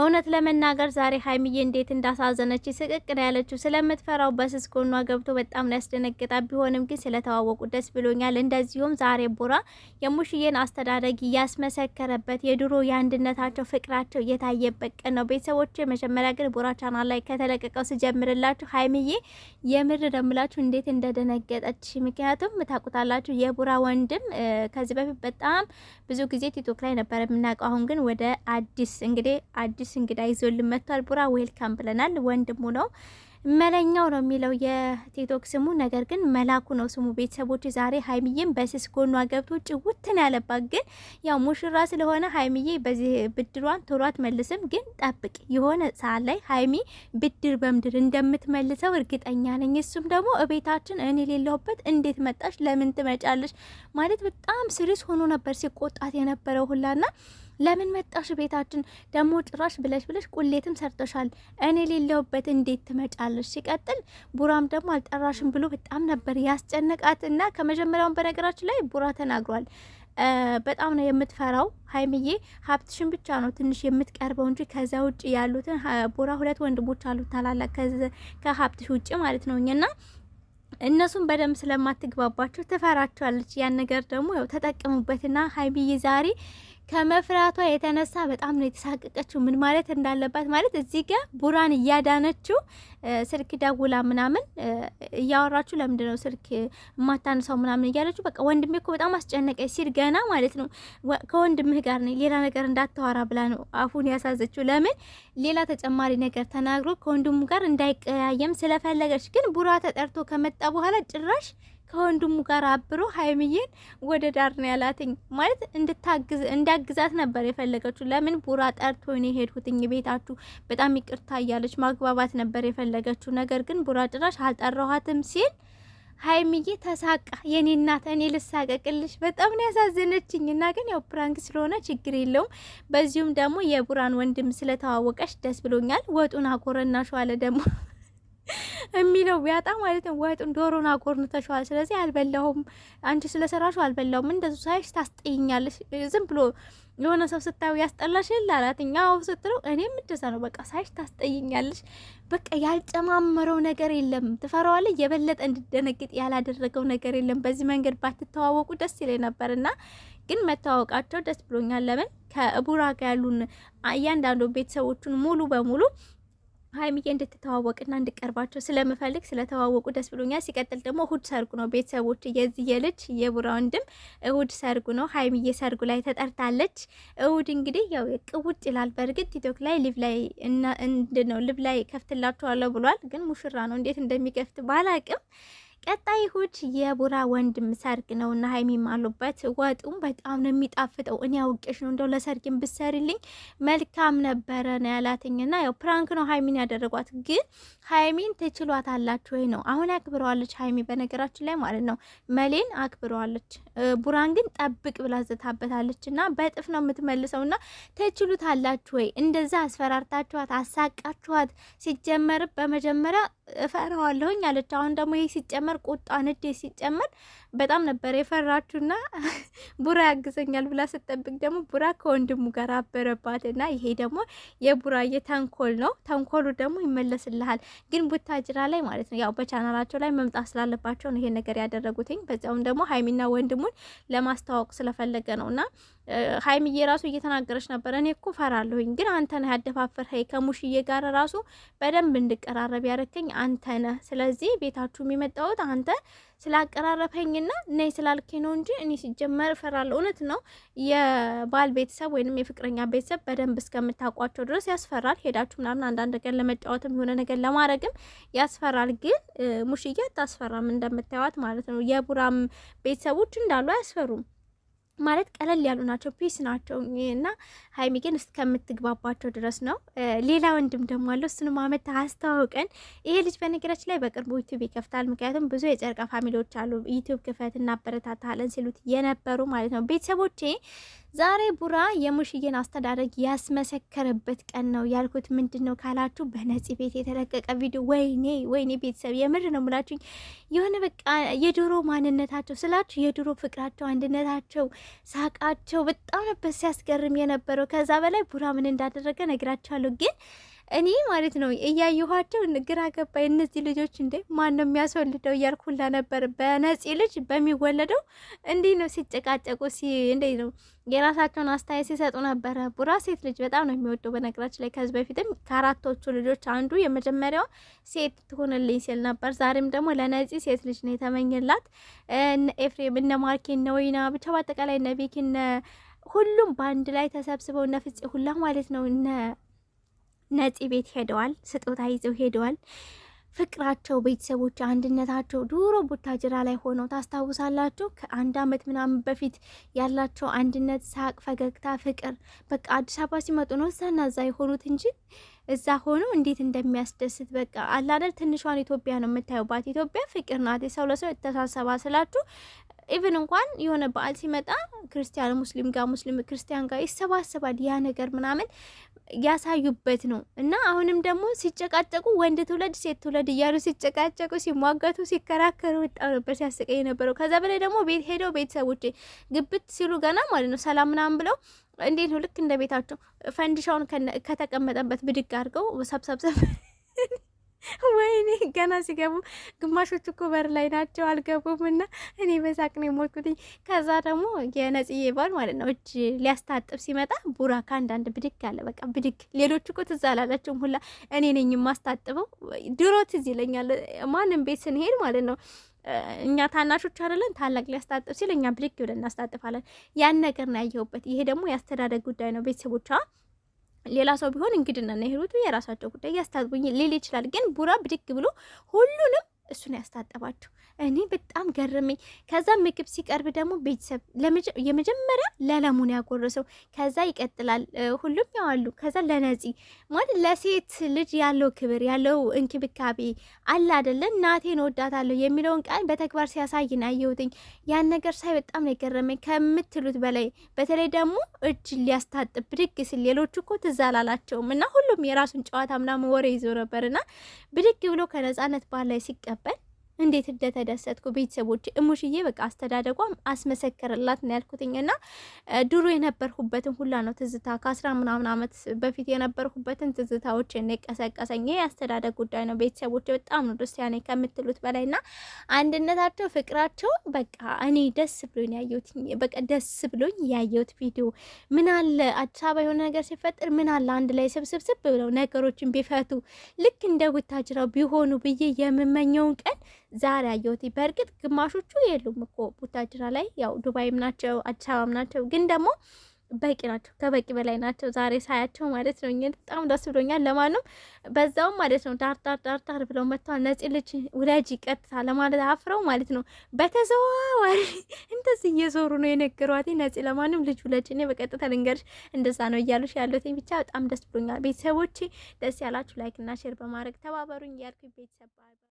እውነት ለመናገር ዛሬ ሀይሚዬ እንዴት እንዳሳዘነች ስቅቅን ያለችው ስለምትፈራው በስስ ጎኗ ገብቶ በጣም ያስደነግጣ። ቢሆንም ግን ስለተዋወቁ ደስ ብሎኛል። እንደዚሁም ዛሬ ቡራ የሙሽዬን አስተዳደግ እያስመሰከረበት የድሮ የአንድነታቸው ፍቅራቸው እየታየበት ቀን ነው። ቤተሰቦች መጀመሪያ ግን ቡራ ቻናል ላይ ከተለቀቀው ስጀምርላችሁ ሀይሚዬ የምር ደምላችሁ እንዴት እንደደነገጠች ምክንያቱም ታቁታላችሁ። የቡራ ወንድም ከዚህ በፊት በጣም ብዙ ጊዜ ቲቶክ ላይ ነበር የምናውቀው። አሁን ግን ወደ አዲስ እንግዲህ አዲስ አዲስ እንግዳ ይዞልን መጥቷል። ቡራ ዌልካም ብለናል። ወንድሙ ነው መለኛው ነው የሚለው የቲክቶክ ስሙ፣ ነገር ግን መላኩ ነው ስሙ። ቤተሰቦች ዛሬ ሀይምዬን በስስ ጎኗ ገብቶ ጭውትን ያለባት ግን ያው ሙሽራ ስለሆነ ሀይሚዬ በዚህ ብድሯን ቶሯት መልስም ግን ጠብቅ፣ የሆነ ሰዓት ላይ ሀይሚ ብድር በምድር እንደምትመልሰው እርግጠኛ ነኝ። እሱም ደግሞ እቤታችን እኔ የሌለሁበት እንዴት መጣሽ? ለምን ትመጫለሽ? ማለት በጣም ስሪስ ሆኖ ነበር ሲቆጣት የነበረው ሁላና ለምን መጣሽ ቤታችን? ደግሞ ጭራሽ ብለሽ ብለሽ ቁሌትም ሰርተሻል። እኔ ሌለውበት እንዴት ትመጫለሽ? ሲቀጥል ቡራም ደግሞ አልጠራሽም ብሎ በጣም ነበር ያስጨነቃት እና ከመጀመሪያውን በነገራችን ላይ ቡራ ተናግሯል። በጣም ነው የምትፈራው ሀይምዬ። ሀብትሽን ብቻ ነው ትንሽ የምትቀርበው እንጂ ከዛ ውጭ ያሉትን ቡራ ሁለት ወንድሞች አሉት ታላላቅ ከሀብትሽ ውጭ ማለት ነው እኛና እነሱም በደንብ ስለማትግባባቸው ትፈራቸዋለች። ያን ነገር ደግሞ ያው ተጠቀሙበትና ሀይሚዬ ዛሬ ከመፍራቷ የተነሳ በጣም ነው የተሳቀቀችው። ምን ማለት እንዳለባት ማለት እዚህ ጋር ቡራን እያዳነችው ስልክ ደውላ ምናምን እያወራችሁ ለምንድን ነው ስልክ የማታነሳው ምናምን እያለችሁ በቃ ወንድሜ እኮ በጣም አስጨነቀኝ ሲል ገና ማለት ነው ከወንድምህ ጋር ነኝ ሌላ ነገር እንዳታወራ ብላ ነው አፉን ያሳዘችው። ለምን ሌላ ተጨማሪ ነገር ተናግሮ ከወንድሙ ጋር እንዳይቀያየም ስለፈለገች። ግን ቡራ ተጠርቶ ከመጣ በኋላ ጭራሽ ከወንድሙ ጋር አብሮ ሀይሚዬን ወደ ዳር ነው ያላትኝ። ማለት እንድታግዝ እንዳግዛት ነበር የፈለገችው። ለምን ቡራ ጠርቶ ነው የሄድኩትኝ ቤታችሁ በጣም ይቅርታ እያለች ማግባባት ነበር የፈለገችው። ነገር ግን ቡራ ጭራሽ አልጠራኋትም ሲል ሀይሚዬ ተሳቃ። የኔ እናት እኔ ልሳቀቅልሽ በጣም ነው ያሳዘነችኝ። እና ግን ያው ፕራንክ ስለሆነ ችግር የለውም። በዚሁም ደግሞ የቡራን ወንድም ስለተዋወቀች ደስ ብሎኛል። ወጡን አኮረናሸዋለ ደግሞ የሚለው ቢያጣ ማለት ነው። ወጡን ዶሮን አጎርንተሸዋል። ስለዚህ አልበላሁም፣ አንቺ ስለሰራሽው አልበላሁም። እንደዚያ ሳይሽ ታስጠይኛለሽ። ዝም ብሎ የሆነ ሰው ስታዩ ያስጠላሽል አላት። አዎ ስትለው እኔም እንደዛ ነው። በቃ ሳይሽ ታስጠይኛለሽ። በቃ ያልጨማመረው ነገር የለም። ትፈራዋለህ። የበለጠ እንድደነግጥ ያላደረገው ነገር የለም። በዚህ መንገድ ባትተዋወቁ ደስ ይለኝ ነበር እና ግን መተዋወቃቸው ደስ ብሎኛል። ለምን ከቡራ ጋር ያሉን እያንዳንዱ ቤተሰቦቹን ሙሉ በሙሉ ሀይሚዬ እንድትተዋወቅና እንድቀርባቸው ስለምፈልግ ስለተዋወቁ ደስ ብሎኛል። ሲቀጥል ደግሞ እሁድ ሰርጉ ነው ቤተሰቦች፣ የዚህ የልጅ የቡራ ወንድም እሁድ ሰርጉ ነው። ሀይሚዬ ሰርጉ ላይ ተጠርታለች። እሁድ እንግዲህ ያው ቅውጥ ይላል። በእርግጥ ቲክቶክ ላይ ሊቭ ላይ እንድነው ሊቭ ላይ ከፍትላችኋለሁ ብሏል። ግን ሙሽራ ነው እንዴት እንደሚከፍት ባላቅም ቀጣይ ሁድ የቡራ ወንድም ሰርግ ነው እና ሀይሚ ማሉበት ወጡም በጣም ነው የሚጣፍጠው። እኔ አውቄሽ ነው እንደው ለሰርግም ብሰሪልኝ መልካም ነበረ ነው ያላትኝ። እና ያው ፕራንክ ነው ሀይሚን ያደረጓት። ግን ሀይሚን አላችሁ ወይ ነው አሁን። አክብረዋለች ሀይሚ በነገራችን ላይ ማለት ነው መሌን አክብረዋለች። ቡራን ግን ጠብቅ ብላ ዘታበታለች። እና በጥፍ ነው የምትመልሰው። እና አላችሁ ወይ እንደዛ አስፈራርታችኋት አሳቃችኋት። ሲጀመር በመጀመሪያ እፈራዋለሁኝ አለች። አሁን ደግሞ ይሄ ሲጨመር ቁጣ፣ ንዴት ሲጨመር በጣም ነበር የፈራችሁና ቡራ ያግዘኛል ብላ ስጠብቅ ደግሞ ቡራ ከወንድሙ ጋር አበረባት እና ይሄ ደግሞ የቡራ የተንኮል ነው። ተንኮሉ ደግሞ ይመለስልሃል። ግን ቡታጅራ ላይ ማለት ነው ያው በቻናላቸው ላይ መምጣት ስላለባቸው ነው ይሄ ነገር ያደረጉትኝ። በዚያውም ደግሞ ሀይሚና ወንድሙን ለማስተዋወቅ ስለፈለገ ነው እና ሀይምዬ ራሱ እየተናገረች ነበር። እኔ እኮ ፈራለሁኝ፣ ግን አንተ ነህ ያደፋፈርኸኝ። ከሙሽዬ ጋር ራሱ በደንብ እንድቀራረብ ያደረከኝ አንተ ነህ። ስለዚህ ቤታችሁ የሚመጣሁት አንተ ስላቀራረብኸኝና ነይ ስላልከኝ ነው እንጂ እኔ ሲጀመር እፈራለሁ። እውነት ነው የባል ቤተሰብ ወይንም የፍቅረኛ ቤተሰብ በደንብ እስከምታውቋቸው ድረስ ያስፈራል። ሄዳችሁ ምናምን አንዳንድ ነገር ለመጫወትም የሆነ ነገር ለማድረግም ያስፈራል። ግን ሙሽዬ አታስፈራም እንደምታዩት ማለት ነው። የቡራም ቤተሰቦች እንዳሉ አያስፈሩም። ማለት ቀለል ያሉ ናቸው፣ ፒስ ናቸው እና ሀይሚ ግን እስከምትግባባቸው ድረስ ነው። ሌላ ወንድም ደግሞ አለው። እሱንም አመት አስተዋውቀን። ይሄ ልጅ በነገራችን ላይ በቅርቡ ዩቱብ ይከፍታል። ምክንያቱም ብዙ የጨርቃ ፋሚሊዎች አሉ ዩቱብ ክፈት እናበረታታለን ሲሉት የነበሩ ማለት ነው ቤተሰቦቼ ዛሬ ቡራ የሙሽዬን አስተዳደግ ያስመሰከረበት ቀን ነው ያልኩት ምንድን ነው ካላችሁ በነፂ ቤት የተለቀቀ ቪዲዮ። ወይኔ ወይኔ ቤተሰብ የምር ነው ሙላችሁኝ። የሆነ በቃ የድሮ ማንነታቸው ስላችሁ የድሮ ፍቅራቸው፣ አንድነታቸው፣ ሳቃቸው በጣም ነበር ሲያስገርም የነበረው። ከዛ በላይ ቡራ ምን እንዳደረገ ነግራችኋለሁ ግን እኔ ማለት ነው እያየኋቸው ግራ ገባኝ። እነዚህ ልጆች እንዴ ማን ነው የሚያስወልደው እያልኩ ነበር። በነፂ ልጅ በሚወለደው እንዲህ ነው ሲጨቃጨቁ፣ እንዴ ነው የራሳቸውን አስተያየት ሲሰጡ ነበረ። ቡራ ሴት ልጅ በጣም ነው የሚወደው። በነገራችን ላይ ከዚህ በፊትም ከአራቶቹ ልጆች አንዱ የመጀመሪያው ሴት ትሆንልኝ ሲል ነበር። ዛሬም ደግሞ ለነፂ ሴት ልጅ ነው የተመኘላት። ኤፍሬም እነ ማርኬ እነ ወይና ብቻ በአጠቃላይ እነ ቤኪ እነ ሁሉም በአንድ ላይ ተሰብስበው እነ ሁላ ማለት ነው እነ ነፂ ቤት ሄደዋል። ስጦታ ይዘው ሄደዋል። ፍቅራቸው፣ ቤተሰቦች፣ አንድነታቸው ድሮ ቡታጅራ ላይ ሆነው ታስታውሳላችሁ። ከአንድ አመት ምናምን በፊት ያላቸው አንድነት፣ ሳቅ፣ ፈገግታ፣ ፍቅር በቃ አዲስ አበባ ሲመጡ ነው እዛና እዛ የሆኑት እንጂ እዛ ሆኖ እንዴት እንደሚያስደስት በቃ አላደል። ትንሿን ኢትዮጵያ ነው የምታዩባት። ኢትዮጵያ ፍቅር ናት። የሰው ለሰው የተሳሰባ ስላችሁ ኢቭን እንኳን የሆነ በዓል ሲመጣ ክርስቲያን ሙስሊም ጋር ሙስሊም ክርስቲያን ጋር ይሰባሰባል። ያ ነገር ምናምን ያሳዩበት ነው እና አሁንም ደግሞ ሲጨቃጨቁ ወንድ ትውለድ ሴት ትውለድ እያሉ ሲጨቃጨቁ፣ ሲሟገቱ፣ ሲከራከሩ ወጣው ነበር ሲያስቀኝ ነበረው። ከዛ በላይ ደግሞ ቤት ሄደው ቤተሰቦች ግብት ሲሉ ገና ማለት ነው ሰላም ምናምን ብለው እንዴት ነው ልክ እንደ ቤታቸው ፈንዲሻውን ከተቀመጠበት ብድግ አድርገው ሰብሰብሰብ ወይኔ ገና ሲገቡ ግማሾቹ እኮ በር ላይ ናቸው አልገቡም። እና እኔ በሳቅ ነው የሞልኩትኝ። ከዛ ደግሞ የነጽዬ ባል ማለት ነው እጅ ሊያስታጥብ ሲመጣ ቡራ ከአንዳንድ ብድግ አለ። በቃ ብድግ። ሌሎች እኮ ትዝ አላላቸውም ሁላ እኔ ነኝ የማስታጥበው። ድሮ ትዝ ይለኛል ማንም ቤት ስንሄድ ማለት ነው እኛ ታናሾች አይደለን ታላቅ ሊያስታጥብ ሲል እኛ ብድግ ብለን እናስታጥፋለን። ያን ነገር ነው ያየሁበት። ይሄ ደግሞ የአስተዳደግ ጉዳይ ነው ቤተሰቦቿ ሌላ ሰው ቢሆን እንግድና ሂሩት የራሳቸው ጉዳይ ያስታዝቡኝ ሊል ይችላል። ግን ቡራ ብድግ ብሎ ሁሉንም እሱን ያስታጠባችሁ። እኔ በጣም ገረመኝ። ከዛ ምግብ ሲቀርብ ደግሞ ቤተሰብ የመጀመሪያ ለለሙን ያጎረሰው፣ ከዛ ይቀጥላል ሁሉም ያዋሉ፣ ከዛ ለነፂ ማለት ለሴት ልጅ ያለው ክብር ያለው እንክብካቤ አለ አደለ? እናቴን ወዳታለሁ የሚለውን ቃል በተግባር ሲያሳይን አየሁትኝ። ያን ነገር ሳይ በጣም ነው የገረመኝ ከምትሉት በላይ። በተለይ ደግሞ እጅ ሊያስታጥብ ብድግ ስል ሌሎቹ እኮ ትዝ አላላቸውም እና ሁሉም የራሱን ጨዋታ ምናምን ወሬ ይዞ ነበርና ብድግ ብሎ ከነጻነት ባህል ላይ ሲቀበል እንዴት እንደተደሰትኩ ቤተሰቦች። እሙሽዬ በቃ አስተዳደጓም አስመሰከርላት ነው ያልኩትኝ። እና ድሮ የነበርኩበትን ሁላ ነው ትዝታ ከአስራ ምናምን አመት በፊት የነበርኩበትን ትዝታዎች የቀሰቀሰኝ ይህ የአስተዳደግ ጉዳይ ነው ቤተሰቦች። በጣም ነው ደስ ያኔ ከምትሉት በላይ እና አንድነታቸው፣ ፍቅራቸው በቃ እኔ ደስ ብሎኝ ያየሁት በቃ ደስ ብሎኝ ያየሁት ቪዲዮ ምን አለ አዲስ አበባ የሆነ ነገር ሲፈጥር ምን አለ አንድ ላይ ስብስብስብ ብለው ነገሮችን ቢፈቱ ልክ እንደ ጉታጅራው ቢሆኑ ብዬ የምመኘውን ቀን ዛሬ አየሁት። በእርግጥ ግማሾቹ የሉም እኮ ቡታጅራ ላይ ያው ዱባይም ናቸው አዲስ አበባም ናቸው፣ ግን ደግሞ በቂ ናቸው፣ ከበቂ በላይ ናቸው። ዛሬ ሳያቸው ማለት ነው እኛን በጣም ደስ ብሎኛል። ለማንም በዛውም ማለት ነው ዳርዳር ዳርዳር ብለው መጥተዋል። ነፂ ልጅ ውለጅ ይቀጥታ ለማለት አፍረው ማለት ነው በተዘዋዋሪ እንደዚህ እየዞሩ ነው የነገሯት። ነፂ ለማንም ልጅ ውለጅ፣ እኔ በቀጥታ ልንገርሽ እንደዛ ነው እያሉሽ ያሉት። ብቻ በጣም ደስ ብሎኛል። ቤተሰቦቼ ደስ ያላችሁ ላይክ እና ሼር በማድረግ ተባበሩኝ እያልኩ ቤተሰብ